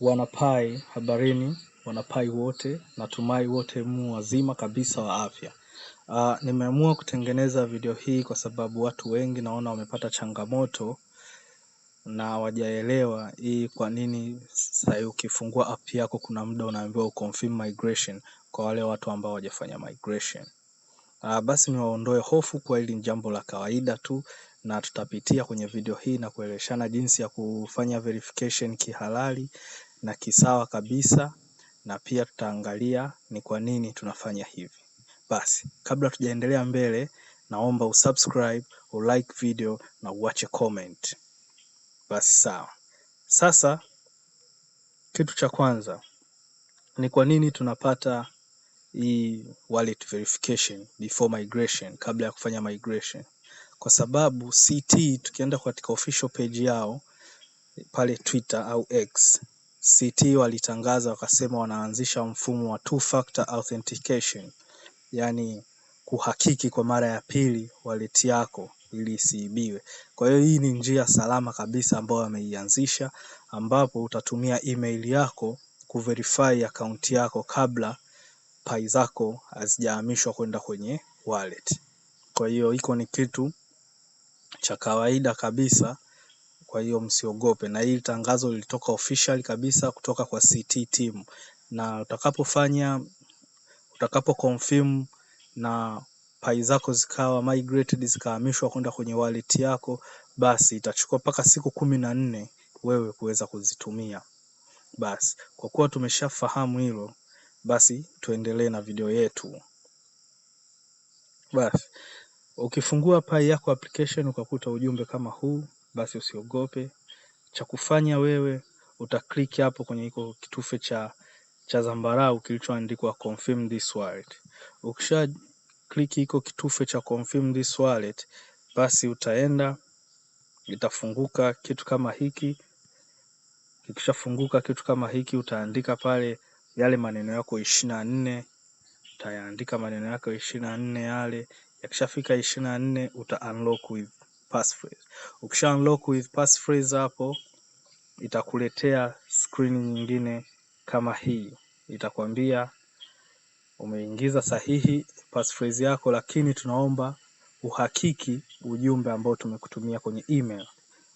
Wanapai, habarini. Wanapai wote, natumai wote mu wazima kabisa wa afya. Uh, nimeamua kutengeneza video hii kwa sababu watu wengi naona wamepata changamoto na wajaelewa hii kwa nini. Sasa ukifungua app yako kuna muda unaambiwa confirm migration kwa wale watu ambao wajafanya migration. Uh, basi niwaondoe hofu kwa hili jambo la kawaida tu, na tutapitia kwenye video hii na kueleshana jinsi ya kufanya verification kihalali na kisawa kabisa na pia tutaangalia ni kwa nini tunafanya hivi. Basi, kabla tujaendelea mbele, naomba usubscribe, ulike video na uache comment. Basi sawa. Sasa kitu cha kwanza ni kwa nini tunapata hii wallet verification before migration, kabla ya kufanya migration, kwa sababu CT tukienda katika official page yao pale Twitter au X CT walitangaza wakasema wanaanzisha mfumo wa two factor authentication, yani kuhakiki kwa mara ya pili wallet yako ili isiibiwe. Kwa hiyo hii ni njia salama kabisa ambayo wameianzisha, ambapo utatumia email yako kuverify akaunti yako kabla pai zako hazijahamishwa kwenda kwenye wallet. Kwa hiyo iko ni kitu cha kawaida kabisa kwa hiyo msiogope. Na hili tangazo lilitoka official kabisa kutoka kwa CT team, na utakapofanya utakapo confirm na pai zako zikawa migrated zikahamishwa kwenda kwenye wallet yako, basi itachukua mpaka siku kumi na nne wewe kuweza kuzitumia. Basi kwa kuwa tumeshafahamu hilo, basi tuendelee na video yetu. Basi ukifungua pai yako application ukakuta ujumbe kama huu basi usiogope. Cha kufanya wewe utakliki hapo kwenye iko kitufe cha cha zambarau kilichoandikwa confirm this wallet. Ukisha click iko kitufe cha confirm this wallet, basi utaenda itafunguka kitu kama hiki. Ikishafunguka kitu kama hiki, utaandika pale yale maneno yako ishirini na nne utayaandika maneno yako ishirini na nne yale. Yakishafika ishirini na nne uta unlock with passphrase. Ukisha unlock with passphrase hapo itakuletea screen nyingine kama hii, itakwambia umeingiza sahihi passphrase yako, lakini tunaomba uhakiki ujumbe ambao tumekutumia kwenye email.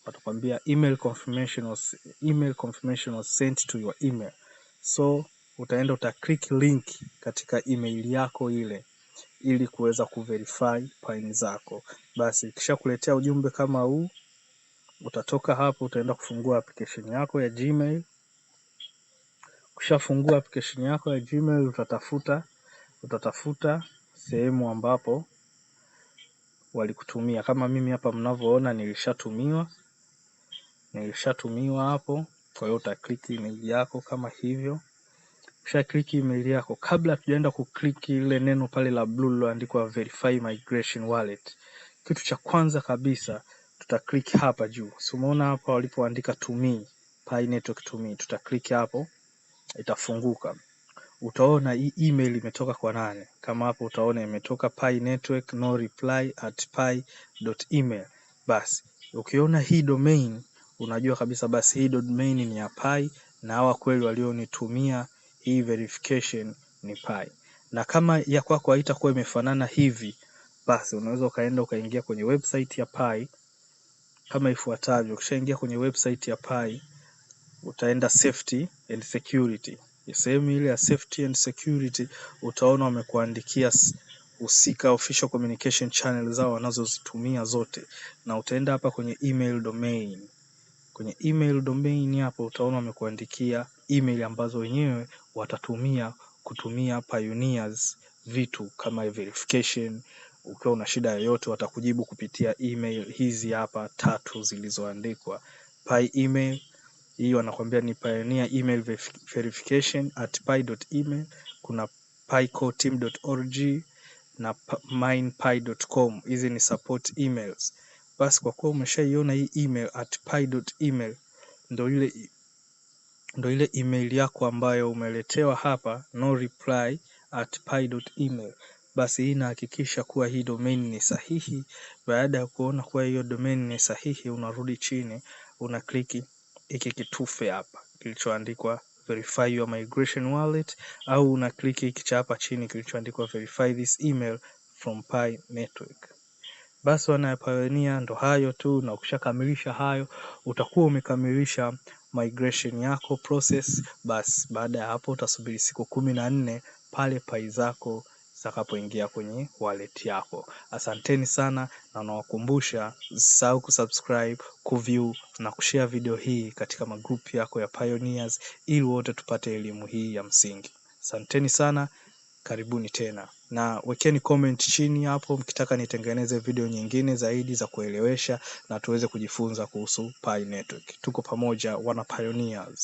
Watakwambia email confirmation was, email confirmation was sent to your email, so utaenda uta click link katika email yako ile ili kuweza kuverify pin zako. Basi kuletea ujumbe kama huu, utatoka hapo, utaenda kufungua application yako ya Gmail. Ukishafungua application yako ya Gmail, utatafuta utatafuta sehemu ambapo walikutumia. Kama mimi hapa mnavyoona, nilishatumiwa nilishatumiwa hapo. Kwa hiyo utakliki email yako kama hivyo. Kisha click email yako. Kabla tujaenda kuclick ile neno pale la blue liloandikwa verify migration wallet, kitu cha kwanza kabisa tuta click hapa juu. So umeona hapa walipoandika to me, Pi Network to me, tuta click hapo, itafunguka. Utaona hii email imetoka kwa nani? Kama hapo utaona imetoka Pi Network no reply at pi.email. Basi ukiona hii domain unajua kabisa basi hii domain ni ya Pi na hawa kweli walionitumia hii e verification ni pi. Na kama ya kwako kwa haitakuwa imefanana hivi, basi unaweza ukaenda ukaingia kwenye website ya pi kama ifuatavyo. Ukishaingia kwenye website ya pi, utaenda safety and security. Sehemu ile ya safety and security utaona wamekuandikia husika official communication channel zao wanazozitumia zote, na utaenda hapa kwenye email domain. Kwenye email domain hapo utaona wamekuandikia email ambazo wenyewe watatumia kutumia pioneers vitu kama verification. Ukiwa una shida yoyote, watakujibu kupitia email hizi hapa tatu zilizoandikwa pi email hii wanakuambia ni pioneer email verification at pi.email. Kuna picoteam.org na minepi.com. Hizi ni support emails. Basi kwa kuwa umeshaiona hii email at pi.email ndio ile ndo ile email yako ambayo umeletewa hapa no reply at pi.email. Basi hii inahakikisha kuwa hii domain ni sahihi. Baada ya kuona kuwa hiyo domain ni sahihi, unarudi chini una kliki hiki kitufe hapa kilichoandikwa verify your migration wallet, au una kliki hiki cha hapa chini kilichoandikwa verify this email from Pi Network basi wana ndo hayo tu, na ukishakamilisha hayo utakuwa umekamilisha migration yako process. Basi baada ya hapo utasubiri siku kumi na nne pale pai zako zitakapoingia kwenye wallet yako. Asanteni sana, na nawakumbusha usisahau kusubscribe, kuview na kushare video hii katika magrupu yako ya pioneers, ili wote tupate elimu hii ya msingi. Asanteni sana karibuni tena na wekeni comment chini hapo mkitaka nitengeneze video nyingine zaidi za kuelewesha na tuweze kujifunza kuhusu Pi Network. Tuko pamoja wana pioneers.